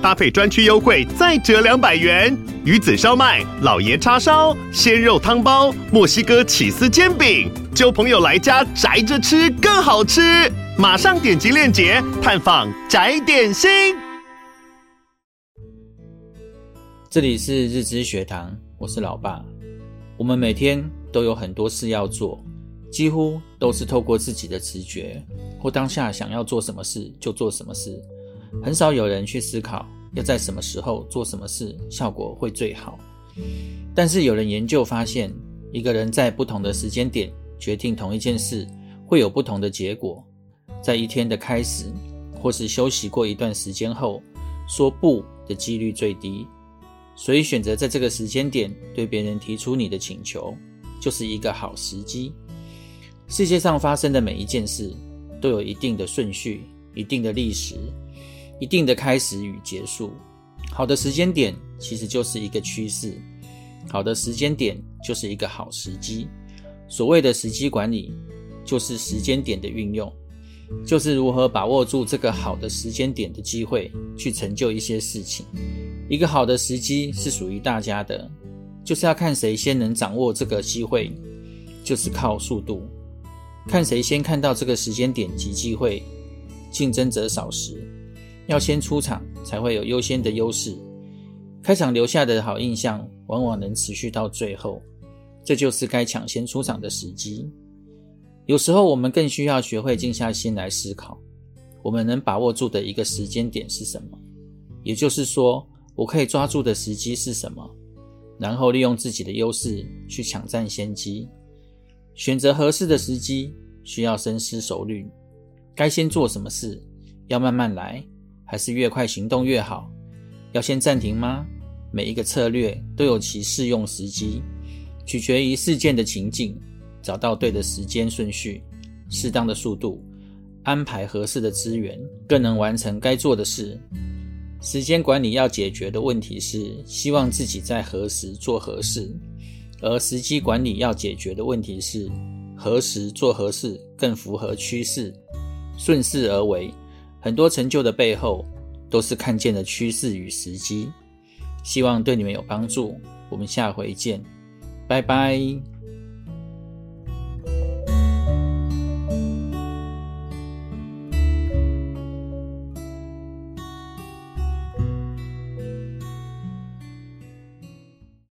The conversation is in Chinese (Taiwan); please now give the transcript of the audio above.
搭配專區優惠，再折兩百元。魚子燒賣、老爺叉燒、鮮肉湯包、墨西哥起司煎餅，交朋友來家宅着吃更好吃。馬上點擊鏈接探訪宅點心。這裡是日之學堂，我是老爸。我們每天都有很多事要做，幾乎都是透過自己的直覺或當下想要做什麼事就做什麼事。很少有人去思考要在什麼時候做什麼事，效果會最好。但是有人研究發現，一個人在不同的時間點決定同一件事，會有不同的結果。在一天的開始，或是休息過一段時間後，說不的幾率最低。所以選擇在這個時間點對別人提出你的請求，就是一個好時機。世界上發生的每一件事，都有一定的順序，一定的歷史。一定的開始與結束，好的時間點其實就是一個趨勢，好的時間點就是一個好時機。所謂的時機管理，就是時間點的運用，就是如何把握住這個好的時間點的機會，去成就一些事情。一個好的時機是屬於大家的，就是要看誰先能掌握這個機會，就是靠速度，看誰先看到這個時間點及機會，競爭者少時。要先出場，才會有優先的優勢。開場留下的好印象，往往能持續到最後，這就是該搶先出場的時機。有時候，我們更需要學會靜下心來思考，我們能把握住的一個時間點是什麼？也就是說，我可以抓住的時機是什麼？然後利用自己的優勢去搶佔先機。選擇合適的時機，需要深思熟慮。該先做什麼事？要慢慢來，還是越快行動越好？要先暫停嗎？每一個策略都有其適用時機，取決於事件的情境，找到對的時間順序、適當的速度，安排合適的資源，更能完成該做的事。時間管理要解決的問題是希望自己在何時做何事，而時機管理要解決的問題是何時做何事更符合趨勢，順勢而為。很多成就的背後，都是看見的趨勢與時機。希望對你們有幫助。我們下回見，拜拜。